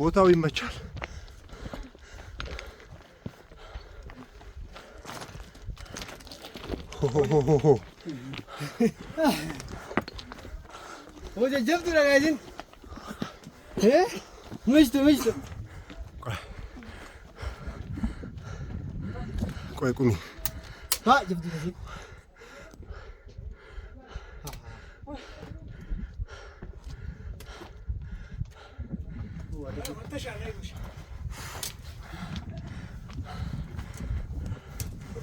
ቦታው ይመቻል። ቆይ ቁሚ dışarıdaymış.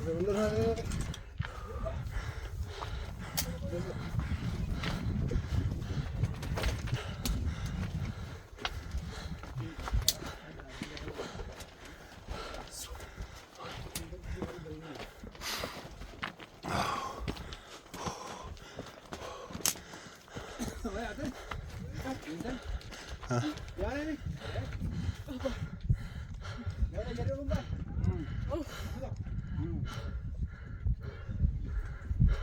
Burada bunlar hani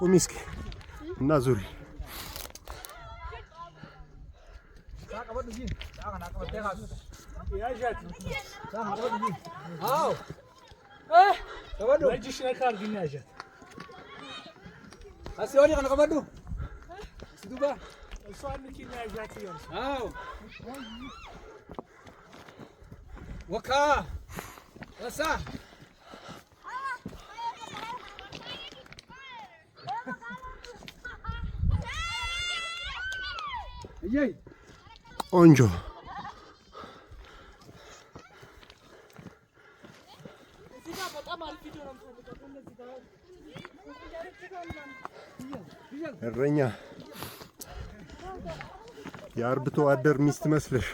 ቁሚስኪ እና ዙሪ ወካ ወሳ ቆንጆ እረኛ የአርብቶ አደር ሚስት መስለሽ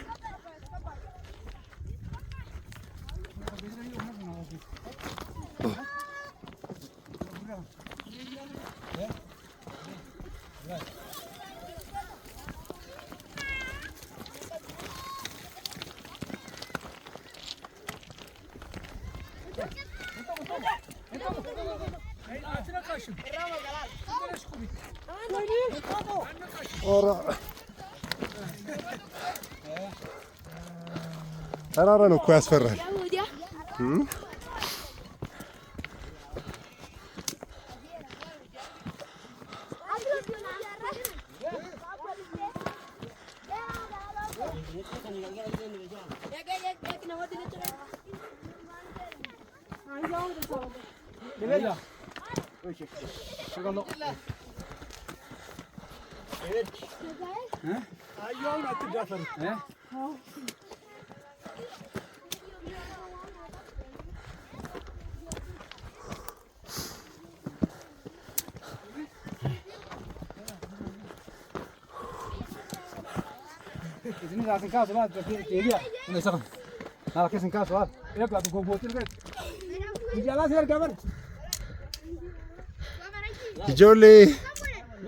ተራራ ነው እኮ ያስፈራል። Evet. He? Ay yol attı Cafer. He? Izini lasin kaso var, geliyor. Bunu sakın. Lakin kaso var. Yok la bu kokotil gel. Gidiyala ser kamer. Gidiyole. Gidiyole.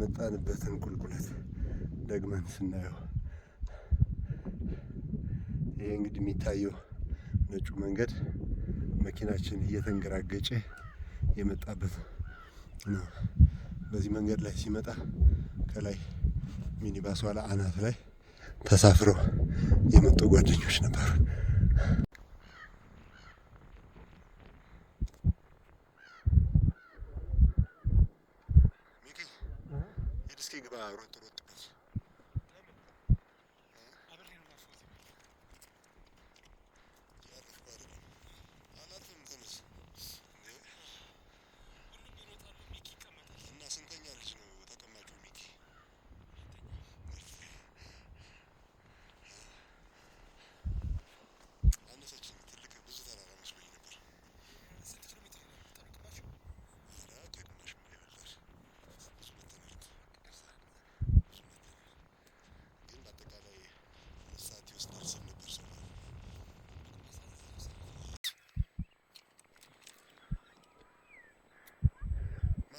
የመጣንበትን ቁልቁለት ደግመን ስናየው ይሄ እንግዲህ የሚታየው ነጩ መንገድ መኪናችን እየተንገራገጨ የመጣበት ነው። በዚህ መንገድ ላይ ሲመጣ ከላይ ሚኒባስ ኋላ አናት ላይ ተሳፍረው የመጡ ጓደኞች ነበሩ። Naruto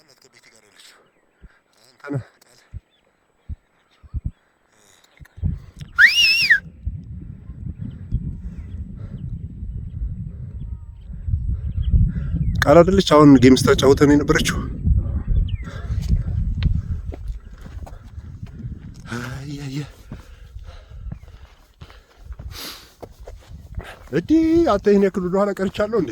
እናንተ ቤት ቃል አይደለች። አሁን ጌም ስታጫውተን የነበረችው እዲ አንተ ይህን ያክል ወደኋላ ቀርቻለሁ እንዴ?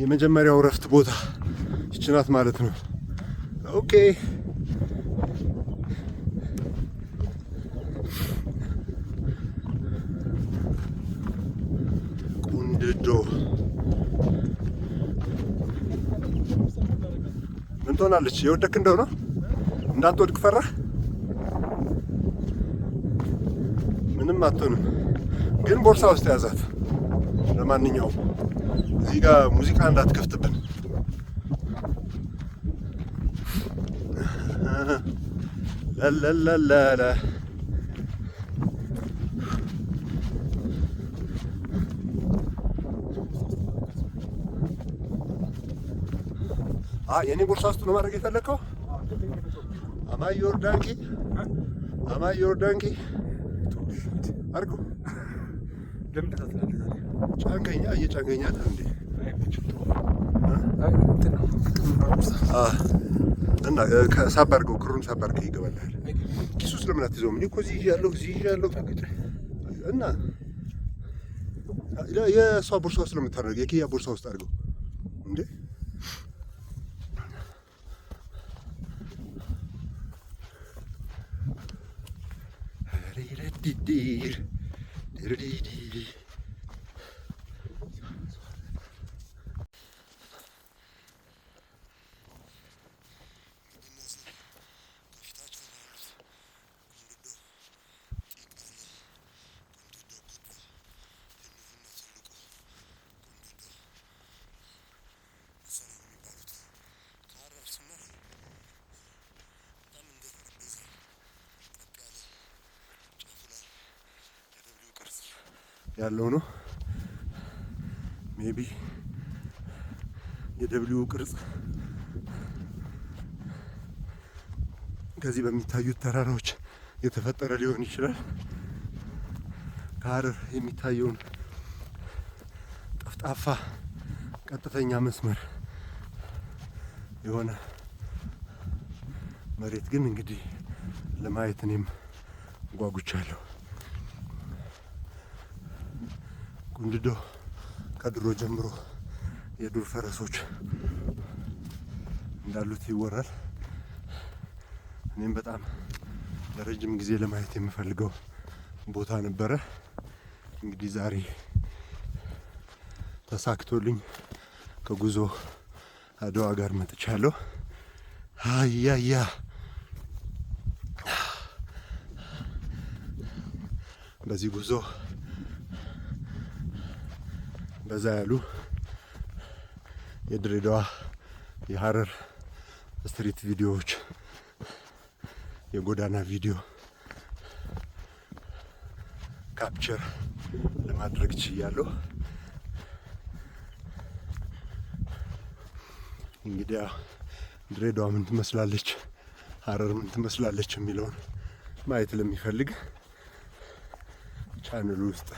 የመጀመሪያው እረፍት ቦታ ይችናት ማለት ነው። ኦኬ ቁንድዶ ምን ትሆናለች? የወደክ እንደው ነው እንዳትወድቅ ፈራ ምንም አትሆንም፣ ግን ቦርሳ ውስጥ ያዛት ለማንኛውም እዚህ ጋር ሙዚቃ እንዳትከፍትብን። ለለለለለ የእኔ ቦርሳ ውስጥ ነው ማድረግ የፈለግከው? አማይ ዮርዳንኪ አማይ ዮርዳንኪ አድርጎ ጫንቀኛ እየጫንቀኛ እንዴ እና ሳብ ክሩን ሳብ አድርገህ ኪሱ ስለምን አትይዘው? ምን እኮ እዚህ ያለው እዚህ ያለው እና የእሷ ቦርሳ ውስጥ ነው የምታደርገው፣ የኪያ ቦርሳ ውስጥ አድርገው እንዴ ዲዲር ያለው ነው። ሜቢ የደብሊው ቅርጽ ከዚህ በሚታዩት ተራራዎች የተፈጠረ ሊሆን ይችላል። ከሀረር የሚታየውን ጠፍጣፋ ቀጥተኛ መስመር የሆነ መሬት ግን እንግዲህ ለማየት እኔም ጓጉቻለሁ። ጉንድዶ ከድሮ ጀምሮ የዱር ፈረሶች እንዳሉት ይወራል። እኔም በጣም ለረጅም ጊዜ ለማየት የምፈልገው ቦታ ነበረ። እንግዲህ ዛሬ ተሳክቶልኝ ከጉዞ አድዋ ጋር መጥቻለሁ። አያያ በዚህ ጉዞ በዛ ያሉ የድሬዳዋ የሀረር ስትሪት ቪዲዮዎች፣ የጎዳና ቪዲዮ ካፕቸር ለማድረግ ችያለሁ። እንግዲያ ድሬዳዋ ምን ትመስላለች፣ ሀረር ምን ትመስላለች የሚለውን ማየት ለሚፈልግ ቻነሉ ውስጥ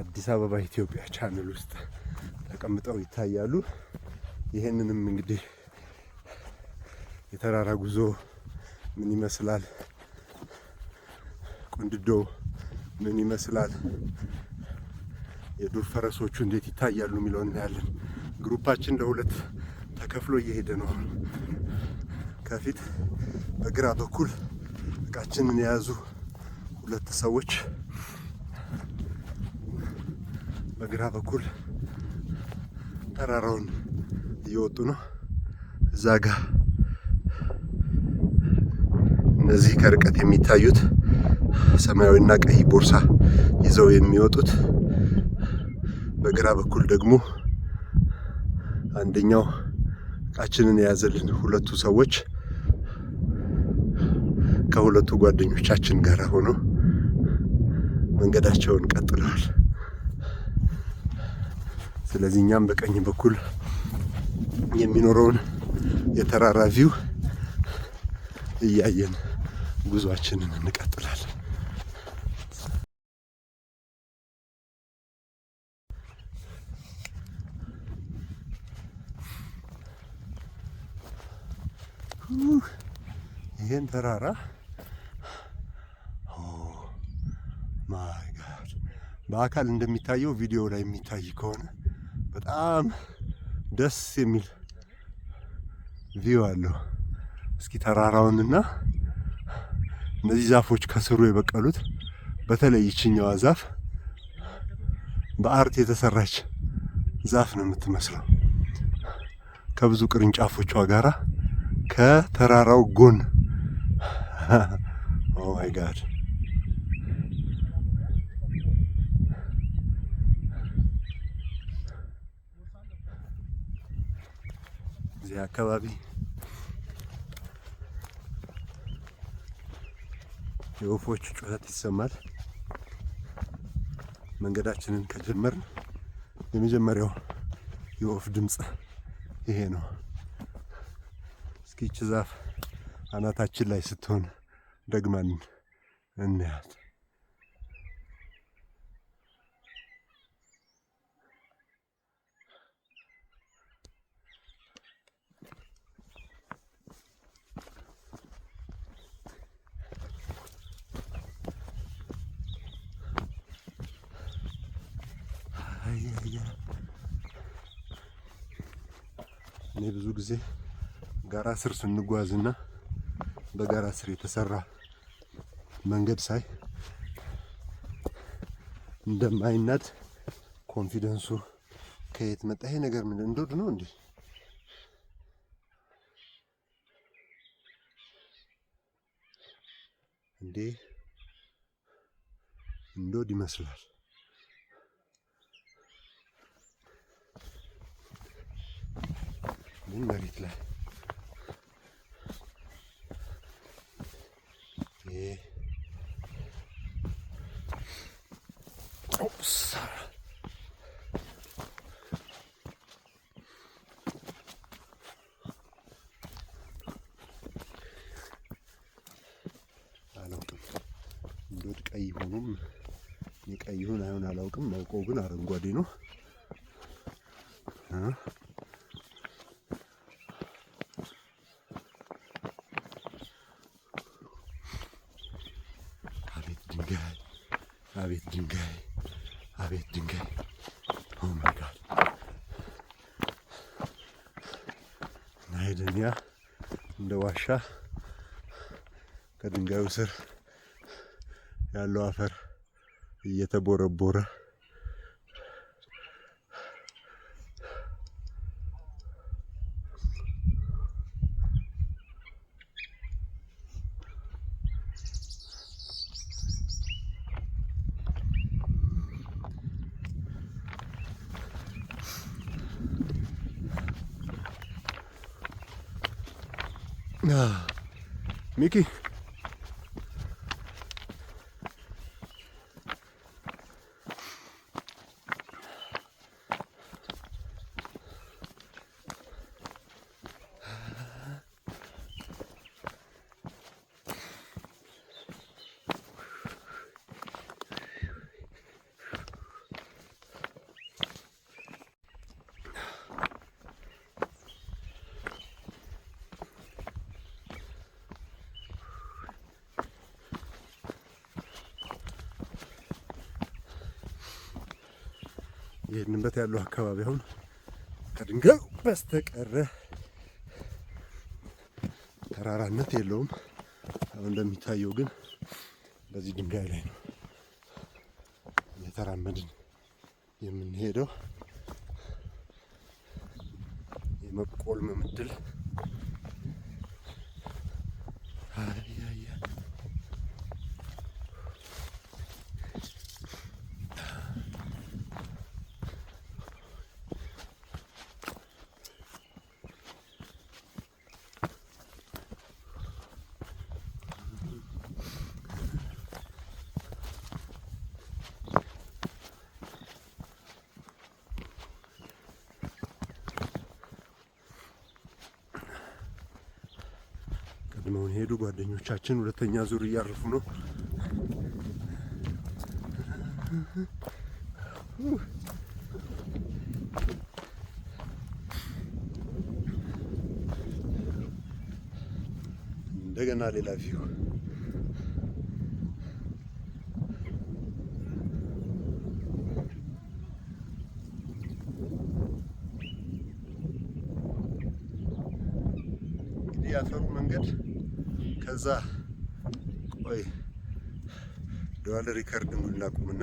አዲስ አበባ ኢትዮጵያ ቻነል ውስጥ ተቀምጠው ይታያሉ። ይህንንም እንግዲህ የተራራ ጉዞ ምን ይመስላል፣ ቆንድዶ ምን ይመስላል፣ የዱር ፈረሶቹ እንዴት ይታያሉ የሚለውን እናያለን። ግሩፓችን ለሁለት ተከፍሎ እየሄደ ነው። ከፊት በግራ በኩል እቃችንን የያዙ ሁለት ሰዎች በግራ በኩል ተራራውን እየወጡ ነው። እዛ ጋ እነዚህ ከርቀት የሚታዩት ሰማያዊና ቀይ ቦርሳ ይዘው የሚወጡት፣ በግራ በኩል ደግሞ አንደኛው እቃችንን የያዘልን ሁለቱ ሰዎች ከሁለቱ ጓደኞቻችን ጋር ሆነው መንገዳቸውን ቀጥለዋል። ስለዚህ እኛም በቀኝ በኩል የሚኖረውን የተራራ ቪው እያየን ጉዟችንን እንቀጥላለን። ይህን ተራራ ማይ ጋድ በአካል እንደሚታየው ቪዲዮ ላይ የሚታይ ከሆነ በጣም ደስ የሚል ቪው አለው። እስኪ ተራራውንና እነዚህ ዛፎች ከስሩ የበቀሉት በተለይ ይችኛዋ ዛፍ በአርት የተሰራች ዛፍ ነው የምትመስለው። ከብዙ ቅርንጫፎቿ ጋራ ከተራራው ጎን ኦ ማይ ጋድ እዚህ አካባቢ የወፎች ጩኸት ይሰማል። መንገዳችንን ከጀመርን የመጀመሪያው የወፍ ድምፅ ይሄ ነው። እስኪች ዛፍ አናታችን ላይ ስትሆን ደግማን እንያት። እኔ ብዙ ጊዜ ጋራ ስር ስንጓዝና በጋራ ስር የተሰራ መንገድ ሳይ እንደማይናድ ኮንፊደንሱ ከየት መጣ? ይሄ ነገር ምን እንደው ነው እንዴ? እንዴ እንደወድ ይመስላል። ግን መሬት ላይ አላውቅም እንደወድ ቀይ ሆኖም የቀይ ይሁን አይሆን አላውቅም። አውቀው ግን አረንጓዴ ነው። ከድንጋዩ ስር ያለው አፈር እየተቦረቦረ Mickey? የሄድንበት ያለው አካባቢ አሁን ከድንጋዩ በስተቀረ ተራራነት የለውም። አሁን እንደሚታየው ግን በዚህ ድንጋይ ላይ ነው እየተራመድን የምንሄደው። የመቆልመም እድል ነው ሄዱ። ጓደኞቻችን ሁለተኛ ዙር እያረፉ ነው። እንደገና ሌላ ቪው ያፈሩ መንገድ ከዛ ቆይ ዱዋል ሪከርድ ላቁምና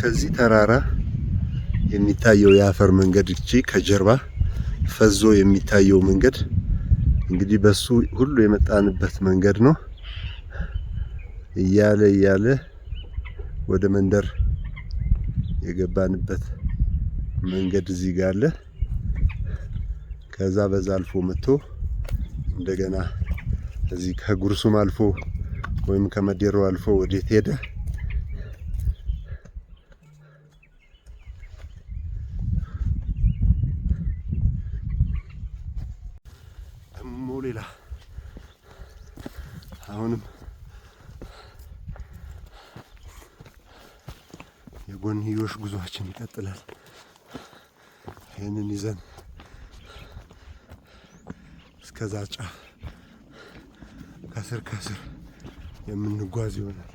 ከዚህ ተራራ የሚታየው የአፈር መንገድ እቺ ከጀርባ ፈዞ የሚታየው መንገድ እንግዲህ በሱ ሁሉ የመጣንበት መንገድ ነው። እያለ እያለ ወደ መንደር የገባንበት መንገድ እዚህ ጋር አለ። ከዛ በዛ አልፎ መጥቶ እንደገና እዚህ ከጉርሱም አልፎ ወይም ከመዴሮ አልፎ ወዴት ሄደ? ደሞ ሌላ አሁንም የጎንዮሽ ጉዟችን ይቀጥላል። ይህንን ይዘን እስከዛ ጫፍ ከስር ከስር የምንጓዝ ይሆናል።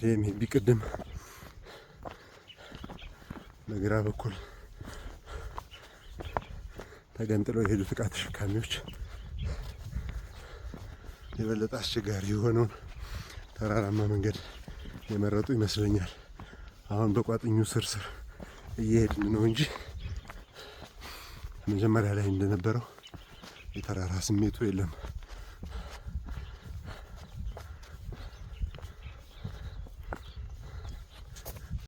እንግዲህ ሜቢ ቅድም በግራ በኩል ተገንጥለው የሄዱት እቃ ተሸካሚዎች የበለጠ አስቸጋሪ የሆነውን ተራራማ መንገድ የመረጡ ይመስለኛል። አሁን በቋጥኙ ስር ስር እየሄድን ነው እንጂ መጀመሪያ ላይ እንደነበረው የተራራ ስሜቱ የለም።